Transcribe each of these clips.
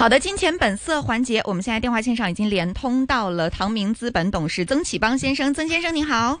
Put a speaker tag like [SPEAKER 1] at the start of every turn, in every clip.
[SPEAKER 1] 好的，金錢本色環節，我們現在電話線上已經連通到了唐明資本董事曾啟邦先生，曾先生您好。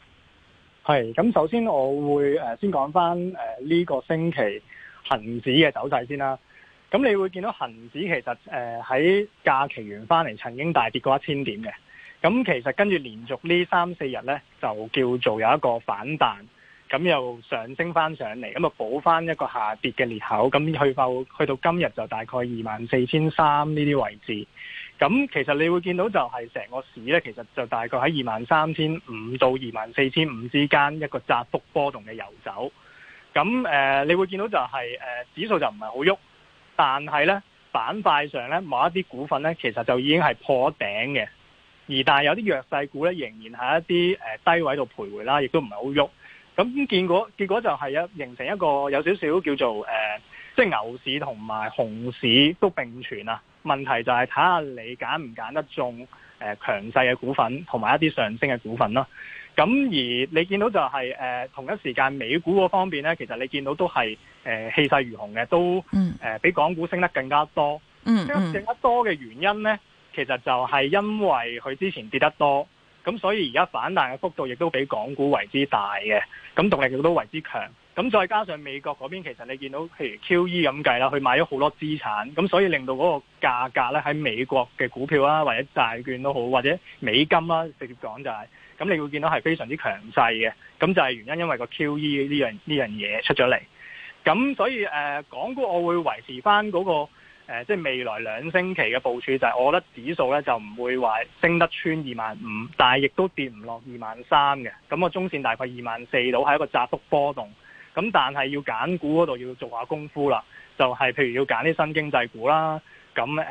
[SPEAKER 2] 係，咁首先我會誒先講翻誒呢個星期恒指嘅走勢先啦。咁你會見到恒指其實誒喺、呃、假期完翻嚟曾經大跌過一千點嘅。咁其實跟住連續呢三四日咧就叫做有一個反彈，咁又上升翻上嚟，咁啊補翻一個下跌嘅裂口。咁去到去到今日就大概二萬四千三呢啲位置。咁其實你會見到就係成個市咧，其實就大概喺二萬三千五到二萬四千五之間一個窄幅波動嘅遊走。咁、呃、你會見到就係、是呃、指數就唔係好喐，但係咧板塊上咧某一啲股份咧，其實就已經係破頂嘅。而但係有啲弱勢股咧，仍然喺一啲、呃、低位度徘徊啦，亦都唔係好喐。咁結果結果就係形成一個有少少叫做即係、呃就是、牛市同埋熊市都並存啊。問題就係睇下你揀唔揀得中誒強勢嘅股份同埋一啲上升嘅股份咯。咁而你見到就係、是、誒、呃、同一時間美股嗰方面咧，其實你見到都係誒、呃、氣勢如虹嘅，都誒、呃、比港股升得更加多。升得更加多嘅原因咧，其實就係因為佢之前跌得多，咁所以而家反彈嘅幅度亦都比港股為之大嘅，咁動力亦都為之強。咁再加上美國嗰邊，其實你見到譬如 QE 咁計啦，佢買咗好多資產，咁所以令到嗰個價格咧喺美國嘅股票啦，或者債券都好，或者美金啦，直接講就係、是、咁，你會見到係非常之強勢嘅。咁就係原因，因為個 QE 呢樣呢樣嘢出咗嚟。咁所以誒，港、呃、股我會維持翻、那、嗰個、呃、即係未來兩星期嘅部署，就係、是，我覺得指數咧就唔會話升得穿二萬五，但係亦都跌唔落二萬三嘅。咁、那、我、個、中線大概二萬四到係一個窄幅波動。咁但係要揀股嗰度要做下功夫啦，就係、是、譬如要揀啲新經濟股啦，咁誒誒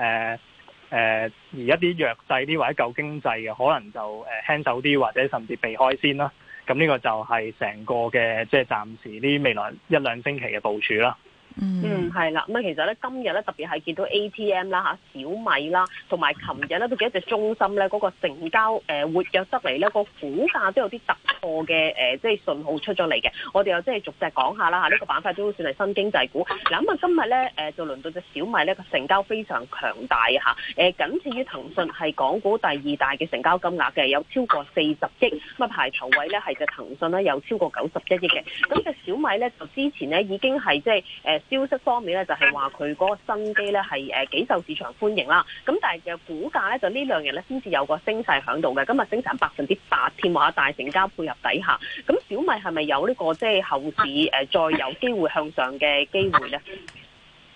[SPEAKER 2] 而一啲弱勢啲或者舊經濟嘅，可能就誒輕手啲或者甚至避開先啦。咁呢個就係成個嘅即係暫時啲未來一兩星期嘅部署啦。
[SPEAKER 1] 嗯，係啦，咁、嗯、啊、嗯嗯嗯，其實咧今日咧特別係見到 A T M 啦、啊、小米啦，同埋琴日咧都幾隻中心咧嗰、嗰個成交、呃、活躍得嚟咧，個股價都有啲突破嘅即係信號出咗嚟嘅。我哋又即係逐隻講下啦呢、啊呢個板塊都算係新經濟股。嗱咁啊，今日咧、呃、就輪到隻小米咧個成交非常強大嚇，誒、啊、僅次於騰訊係港股第二大嘅成交金額嘅，有超過四十億，乜排頭位咧係就騰訊咧有超過九十一億嘅。咁、那、隻、個、小米咧就之前咧已經係即、呃消息方面咧，就係話佢嗰個新機咧係誒幾受市場歡迎啦。咁但係嘅股價咧、這個，就呢兩日咧先至有個升勢喺度嘅。今日升成百分之八添喎，大成交配合底下，咁小米係咪有呢個即係後市誒再有機會向上嘅機會咧？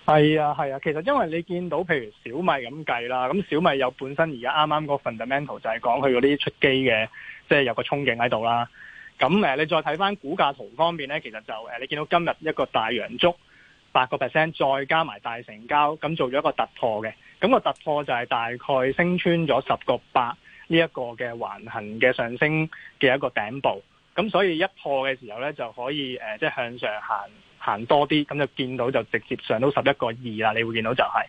[SPEAKER 2] 係啊係啊，其實因為你見到譬如小米咁計啦，咁小米有本身而家啱啱嗰 fundamental 就係講佢嗰啲出機嘅，即、就、係、是、有個憧憬喺度啦。咁誒，你再睇翻股價圖方面咧，其實就誒你見到今日一個大陽燭。八個 percent，再加埋大成交，咁做咗一個突破嘅。咁個突破就係大概升穿咗十個八呢一個嘅橫行嘅上升嘅一個頂部。咁所以一破嘅時候呢，就可以誒即係向上行行多啲，咁就見到就直接上到十一個二啦。你會見到就係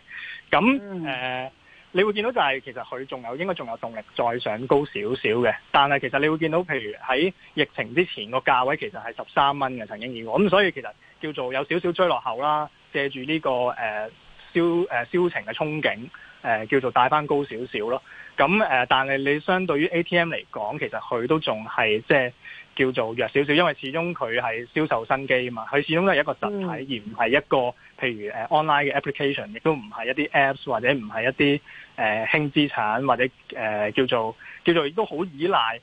[SPEAKER 2] 咁誒，你會見到就係其實佢仲有應該仲有動力再上高少少嘅。但係其實你會見到，譬如喺疫情之前個價位其實係十三蚊嘅曾經見過。咁所以其實。叫做有少少追落後啦，借住呢個誒銷誒銷情嘅憧憬，誒、呃、叫做帶翻高少少咯。咁、嗯、誒、呃，但係你相對於 ATM 嚟講，其實佢都仲係即係叫做弱少少，因為始終佢係銷售新機啊嘛。佢始終都係一個實體，嗯、而唔係一個譬如誒、呃、online 嘅 application，亦都唔係一啲 apps 或者唔係一啲誒輕資產或者誒、呃、叫做叫做亦都好依賴。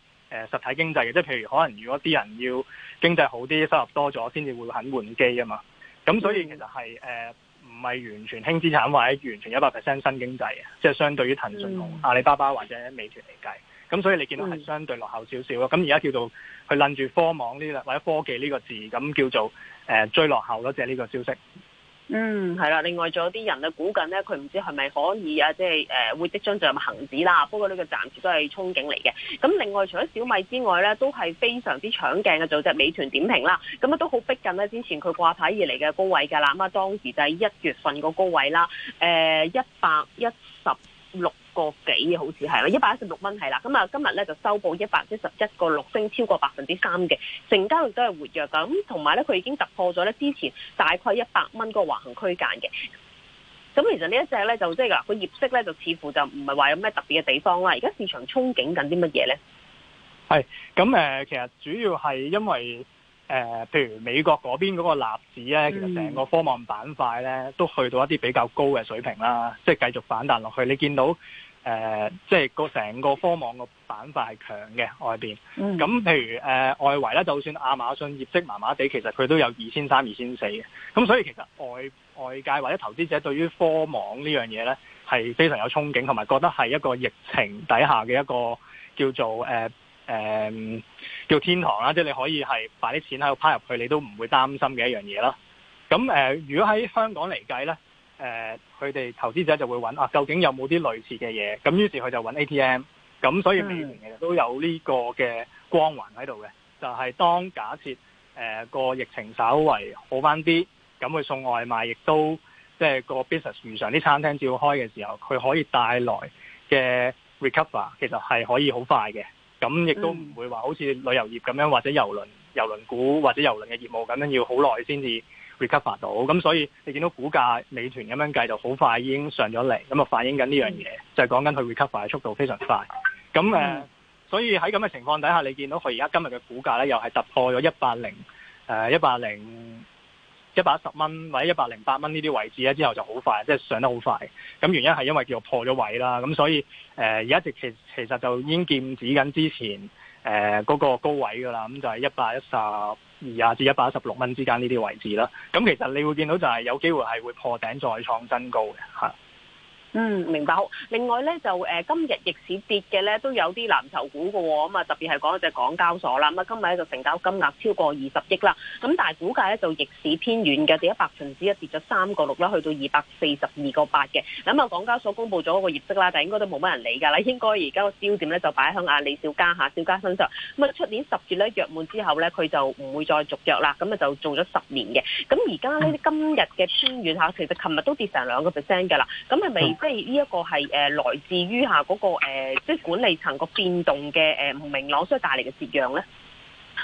[SPEAKER 2] 誒實體經濟嘅，即譬如可能，如果啲人要經濟好啲，收入多咗，先至會肯換機啊嘛。咁所以其實係誒唔係完全輕資產或者完全一百 percent 新經濟，即係相對於騰訊同阿里巴巴或者美團嚟計。咁所以你見到係相對落後少少咯。咁而家叫做去拎住科網呢個或者科技呢個字，咁叫做誒、呃、追落後咯，即係呢個消息。
[SPEAKER 1] 嗯，係啦，另外仲有啲人咧估緊咧，佢唔知係咪可以啊，即係誒、呃、會即將就係恒指啦，不過呢個暫時都係憧憬嚟嘅。咁另外除咗小米之外咧，都係非常之搶鏡嘅，就隻美團點評啦，咁啊都好逼近咧，之前佢掛牌而嚟嘅高位噶啦，咁、嗯、啊當時就係一月份個高位啦，誒一百一十六。個幾好似係啦，一百一十六蚊係啦，咁啊今日咧就收報一百一十一個六，升超過百分之三嘅，成交量都係活躍噶，咁同埋咧佢已經突破咗咧之前大概一百蚊個橫行區間嘅，咁其實呢一隻咧就即係嗱，個業績咧就似乎就唔係話有咩特別嘅地方啦，而家市場憧憬緊啲乜嘢咧？
[SPEAKER 2] 係，咁誒、呃，其實主要係因為。誒、呃，譬如美國嗰邊嗰個納指咧、嗯，其實成個科網板塊咧都去到一啲比較高嘅水平啦，即係繼續反彈落去。你見到誒、呃，即係個成個科網個板塊係強嘅外邊。咁、嗯、譬如誒、呃，外圍咧，就算亞馬遜業績麻麻地，其實佢都有二千三、二千四嘅。
[SPEAKER 1] 咁所以其實
[SPEAKER 2] 外外界或者投資者對於科網呢樣嘢咧，係非常有憧憬，同埋覺得係一個疫情底下嘅一個叫做誒、呃誒、嗯、叫天堂啦，即係你可以係擺啲錢喺度趴入去，你都唔會擔心嘅一樣嘢啦。咁誒、呃，如果喺香港嚟計呢，誒佢哋投資者就會揾啊，究竟有冇啲類似嘅嘢？咁於是佢就揾 ATM。咁所以疫情其實都有呢個嘅光環喺度嘅，就係、是、當假設誒個、呃、疫情稍微好翻啲，咁佢送外賣亦都即係、就是、個 business 如常啲餐廳照開嘅時候，佢可以帶來嘅 recover 其實係可以好快嘅。咁亦都唔會話好似旅遊業咁樣，或者郵輪、郵輪股或者郵輪嘅業務咁樣，要好耐先至 recover 到。咁所以你見到股價美團咁樣計就好快已經上咗嚟，咁啊反映緊呢樣嘢，就係講緊佢 recover 嘅速度非常快。咁誒、嗯呃，所以喺咁嘅情況底下，你見到佢而家今日嘅股價咧，又係突破咗一百零誒一百零。一百一十蚊或者一百零八蚊呢啲位置咧，之後就好快，即係上得好快。咁原因係因為叫做破咗位啦，咁所以誒而家直其實其實就已經劍指緊之前誒嗰個高位㗎啦，咁就係一百一十二啊至一百一十六蚊之間呢啲位置啦。咁其實你會見到就係有機會係會破頂再創新高嘅吓。
[SPEAKER 1] 嗯，明白好。另外咧就誒、呃、今日逆市跌嘅咧都有啲藍籌股嘅喎、哦，咁啊特別係講隻港交所啦。咁啊今日咧就成交金額超過二十億啦。咁但係股價咧就逆市偏軟嘅，跌一百分之一，跌咗三個六啦，去到二百四十二個八嘅。咁、嗯、啊港交所公布咗個業績啦，但係應該都冇乜人理㗎啦。應該而家個焦點咧就擺喺阿李小加、嚇小加身上。咁啊出年十月咧約滿之後咧佢就唔會再續約啦。咁啊就做咗十年嘅。咁而家咧今日嘅偏軟嚇，其實琴日都跌成兩個 percent 㗎啦。咁啊，未。即係呢一個係誒來自於嚇嗰個即係、呃就是、管理層個變動嘅誒唔明朗，所以帶嚟嘅折讓咧。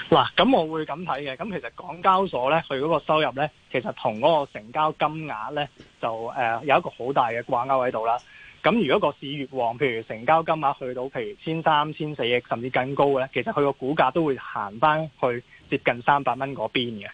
[SPEAKER 1] 嗱，
[SPEAKER 2] 咁我會咁睇嘅。咁其實港交所咧，佢嗰個收入咧，其實同嗰個成交金額咧，就誒、呃、有一個好大嘅掛鈎喺度啦。咁如果個市越旺，譬如成交金額去到譬如千三千四億甚至更高嘅咧，其實佢個股價都會行翻去接近三百蚊嗰邊嘅。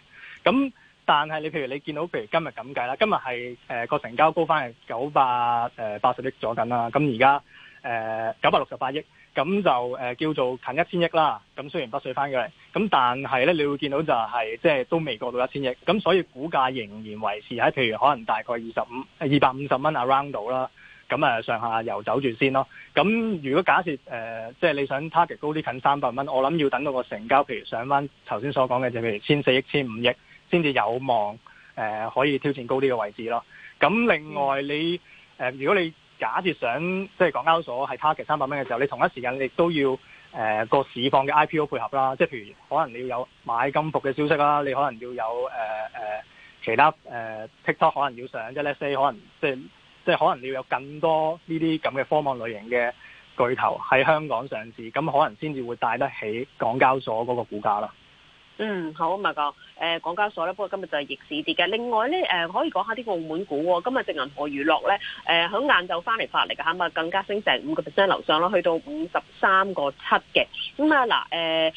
[SPEAKER 2] 咁但係，你譬如你見到，譬如今日咁計啦，今日係誒個成交高翻係九百誒八十億左近啦。咁而家誒九百六十八億，咁就叫做、呃、近一千億啦。咁雖然縮水翻嘅，咁但係咧，你會見到就係、是、即係都未過到一千億。咁所以股價仍然維持喺譬如可能大概二十五二百五十蚊 around 到啦。咁誒上下遊走住先咯。咁如果假設誒、呃、即係你想 target 高啲近三百蚊，我諗要等到個成交，譬如上翻頭先所講嘅，就譬如千四億、千五億。先至有望誒、呃、可以挑戰高啲嘅位置咯。咁另外你，你、呃、誒如果你假設想即係港交所係 target 三百蚊嘅時候，你同一時間亦都要誒個、呃、市況嘅 IPO 配合啦。即係譬如可能你要有買金服嘅消息啦，你可能要有誒、呃呃、其他誒、呃、TikTok 可能要上，即、就、係、是、let's say 可能即係即係可能你要有更多呢啲咁嘅科網類型嘅巨頭喺香港上市，咁可能先至會帶得起港交所嗰個股價啦。
[SPEAKER 1] 嗯，好，咪講，誒、呃，港交所咧，不過今日就係逆市跌嘅。另外咧，誒、呃，可以講下啲澳門股、哦，今日隻銀河娛樂咧，誒、呃，響晏晝翻嚟發嚟嘅吓，咪更加升成五個 percent 樓上咯，去到五十三個七嘅，咁啊嗱，誒、呃。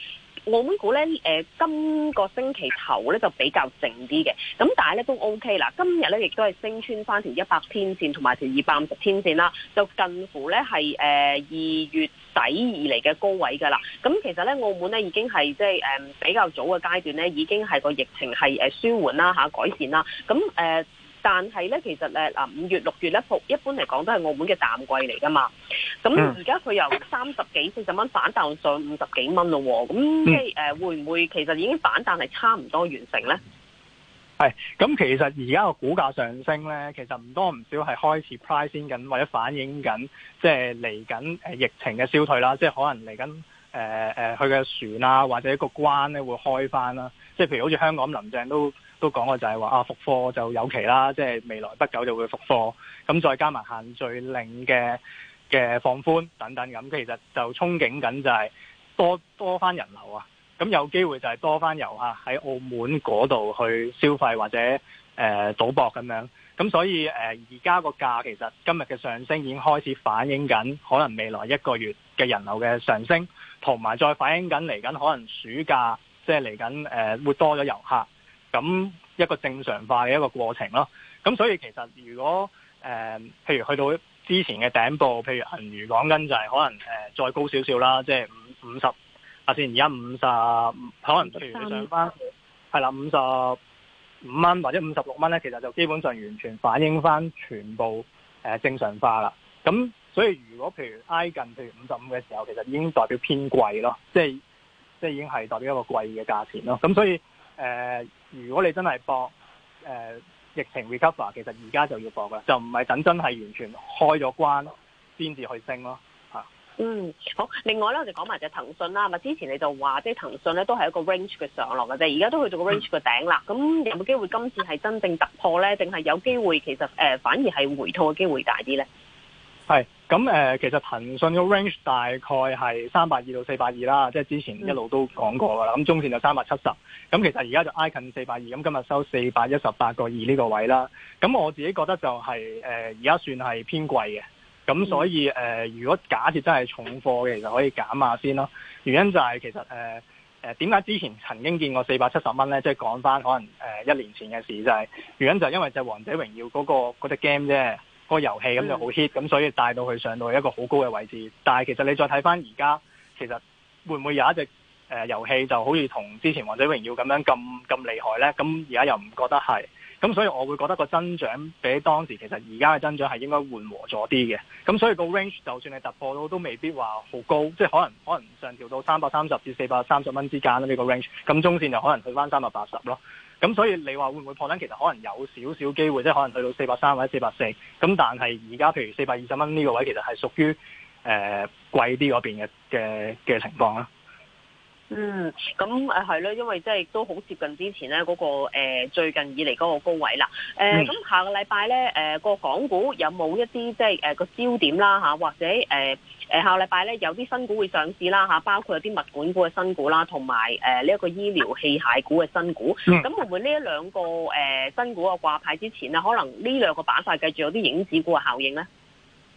[SPEAKER 1] 澳門股咧、呃，今個星期頭咧就比較靜啲嘅，咁但係咧都 OK 啦。今日咧亦都係升穿翻條一百天線同埋條二百五十天線啦，就近乎咧係誒二月底以嚟嘅高位㗎啦。咁、嗯、其實咧，澳門咧已經係即係誒比較早嘅階段咧，已經係個疫情係誒、呃、舒緩啦改善啦，咁、嗯、誒。呃但係咧，其實咧嗱，五月六月咧，一般嚟講都係澳門嘅淡季嚟噶嘛。咁而家佢由三十幾四十蚊反彈上五十幾蚊咯，咁即係誒會唔會其實已經反彈係差唔多完成咧？
[SPEAKER 2] 係咁，其實而家個股價上升咧，其實唔多唔少係開始 price 先緊，或者反映緊即係嚟緊誒疫情嘅消退啦，即係可能嚟緊誒誒佢嘅船啊，或者一個關咧會開翻啦，即係譬如好似香港林鄭都。都講過就係話啊，復課就有期啦，即係未來不久就會復課。咁再加埋限聚令嘅嘅放寬等等咁，其實就憧憬緊就係多多返人流啊。咁有機會就係多返遊客喺澳門嗰度去消費或者誒賭博咁樣。咁所以誒而家個價其實今日嘅上升已經開始反映緊可能未來一個月嘅人流嘅上升，同埋再反映緊嚟緊可能暑假即係嚟緊誒會多咗遊客。咁一個正常化嘅一個過程咯，咁所以其實如果誒、呃，譬如去到之前嘅頂部，譬如銀魚講緊就係可能、呃、再高少少啦，即係五五十，啊先而家五十，可能譬如你上翻，係啦，五十五蚊或者五十六蚊咧，其實就基本上完全反映翻全部、呃、正常化啦。咁所以如果譬如挨近譬如五十五嘅時候，其實已經代表偏貴咯，即係即係已經係代表一個貴嘅價錢咯。咁所以誒、呃，如果你真係博誒疫情 recover，其實而家就要博噶，就唔係等真係完全開咗關先至去升咯，嚇、啊。
[SPEAKER 1] 嗯，好。另外咧，我哋講埋就騰訊啦。咪之前你就話，即係騰訊咧都係一個 range 嘅上落嘅啫，而家都去到個 range 嘅頂啦。咁、嗯、有冇機會今次係真正突破咧，定係有機會其實誒、呃、反而係回吐嘅機會大啲咧？
[SPEAKER 2] 係。咁誒、呃，其實騰訊嘅 range 大概係三百二到四百二啦，即、就、係、是、之前一路都講過㗎啦。咁、嗯、中線就三百七十，咁其實而家就挨近四百二，咁今日收四百一十八個二呢個位啦。咁我自己覺得就係、是、誒，而、呃、家算係偏貴嘅。咁所以誒，如、呃、果假設真係重貨嘅，其實可以減下先囉。原因就係其實誒誒，點、呃、解之前曾經見過四百七十蚊咧？即係講翻可能誒一年前嘅事，就係、是、原因就係因為就係《王者榮耀、那個》嗰、那個嗰隻 game 啫。個遊戲咁就好 hit，咁所以帶到佢上到一個好高嘅位置。但係其實你再睇翻而家，其實會唔會有一隻誒、呃、遊戲就好似同之前《王者榮耀》咁樣咁咁厲害呢？咁而家又唔覺得係，咁所以我會覺得個增長比當時其實而家嘅增長係應該緩和咗啲嘅。咁所以個 range 就算係突破到，都未必話好高，即係可能可能上調到三百三十至四百三十蚊之間啦。呢個 range，咁中線就可能去翻三百八十咯。咁所以你話會唔會破頂？其實可能有少少機會，即係可能去到四百三或者四百四。咁但係而家譬如四百二十蚊呢個位，其實係屬於、呃、貴啲嗰邊嘅嘅嘅情況啦。
[SPEAKER 1] 嗯，咁誒係咯，因為即係都好接近之前咧嗰個最近以嚟嗰個高位啦。誒咁下個禮拜咧誒個港股有冇一啲即係誒個焦點啦嚇，或者誒下個禮拜咧有啲新股會上市啦嚇，包括有啲物管股嘅新股啦，同埋誒呢一個醫療器械股嘅新股。咁會唔會呢一兩個誒新股嘅掛牌之前咧，可能呢兩個板塊繼續有啲影子股嘅效應咧？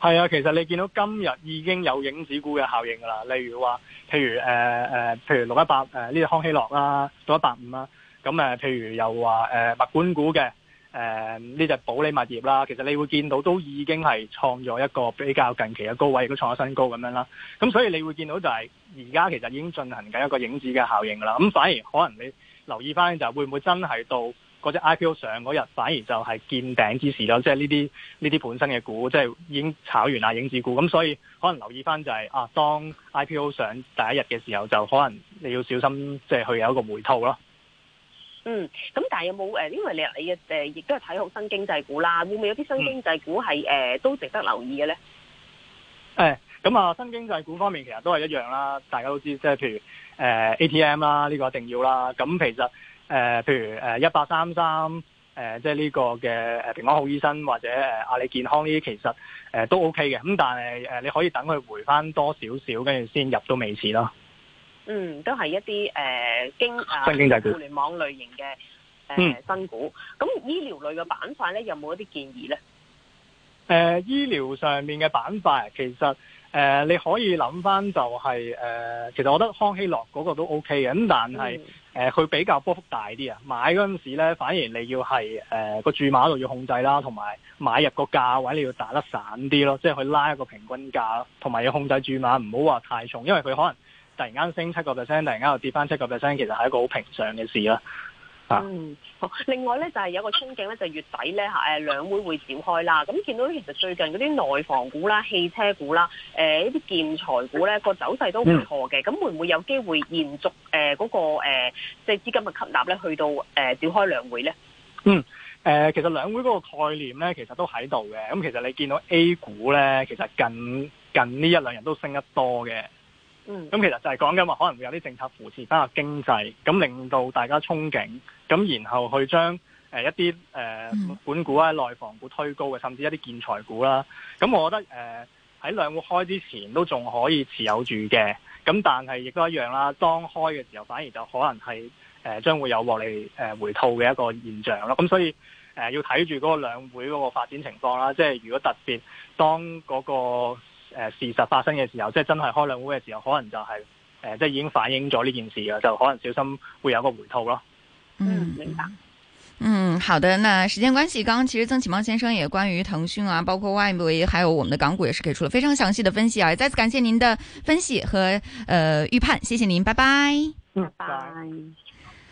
[SPEAKER 2] 係啊，其實你見到今日已經有影子股嘅效應㗎啦，例如話，譬如誒、呃、譬如六一八誒呢隻康希諾啦，六一八五啦，咁譬如又話誒、呃、物管股嘅誒呢隻保利物業啦，其實你會見到都已經係創咗一個比較近期嘅高位，都創咗新高咁樣啦。咁所以你會見到就係而家其實已經進行緊一個影子嘅效應㗎啦。咁反而可能你留意翻就係會唔會真係到嗰隻 IPO 上嗰日，反而就係見頂之時咯？即係呢啲呢啲本身嘅股，即係已經炒完啦，影子股咁，所以可能留意翻就係啊，當 IPO 上第一日嘅時候，就可能你要小心，即係去有一個回吐咯。嗯，
[SPEAKER 1] 咁但係有冇誒？因為你你誒亦都係睇好新經濟股啦，會唔會有啲新經濟股係誒都值得留意嘅咧？
[SPEAKER 2] 誒，咁啊，新經濟股方面其實都係一樣啦，大家都知，即係譬如。誒、呃、ATM 啦，呢個一定要啦。咁其實誒、呃，譬如誒一八三三誒，即係呢個嘅平安好醫生或者誒、呃、阿里健康呢啲，其實誒、呃、都 OK 嘅。咁但係誒、呃，你可以等佢回翻多少少，跟住先入都未遲咯。嗯，
[SPEAKER 1] 都係一啲誒、呃、經誒、啊、新經濟、互聯網類型嘅誒、呃嗯、新股。咁醫療類嘅板塊咧，有冇一啲建議咧？
[SPEAKER 2] 誒、呃，醫療上面嘅板塊其實。誒、呃，你可以諗翻就係、是、誒、呃，其實我覺得康希諾嗰個都 O K 嘅，咁但係誒，佢、嗯呃、比較波幅大啲啊。買嗰陣時咧，反而你要係誒個注碼度要控制啦，同埋買入個價位你要打得散啲咯，即係去拉一個平均價，同埋要控制注碼唔好話太重，因為佢可能突然間升七個 percent，突然間又跌翻七個 percent，其實係一個好平常嘅事啦。
[SPEAKER 1] 嗯，好。另外咧，就係、是、有個憧憬咧，就是、月底咧吓，誒兩會會召開啦。咁見到其實最近嗰啲內房股啦、汽車股啦、誒一啲建材股咧個走勢都唔錯嘅。咁會唔會有機會延續誒嗰、呃那個誒即係資金嘅吸納咧，去到誒、呃、召開兩會咧？嗯，
[SPEAKER 2] 誒、呃、其實兩會嗰個概念咧，其實都喺度嘅。咁、嗯、其實你見到 A 股咧，其實近近呢一兩日都升得多嘅。嗯，咁其實就係講緊話可能會有啲政策扶持翻個經濟，咁令到大家憧憬，咁然後去將誒、呃、一啲誒、呃、本股啊、內房股推高嘅，甚至一啲建材股啦。咁我覺得誒喺、呃、兩會開之前都仲可以持有住嘅，咁但係亦都一樣啦。當開嘅時候，反而就可能係誒、呃、將會有獲利回吐嘅一個現象咯。咁所以誒、呃、要睇住嗰個兩會嗰個發展情況啦。即係如果特別當嗰、嗰個。呃、事實發生嘅時候，即係真係開兩會嘅時候，可能就係、是呃、即係已經反映咗呢件事嘅，就可能小心會有個回
[SPEAKER 1] 吐咯。嗯，明白。嗯，好的。那時間關係，剛，剛剛其實曾啟邦先生也關於騰訊啊，包括外圍，還有我們的港股，也是給出了非常詳細的分析啊。再次感謝您的分析和誒、呃、預判，謝謝您，拜拜。拜拜。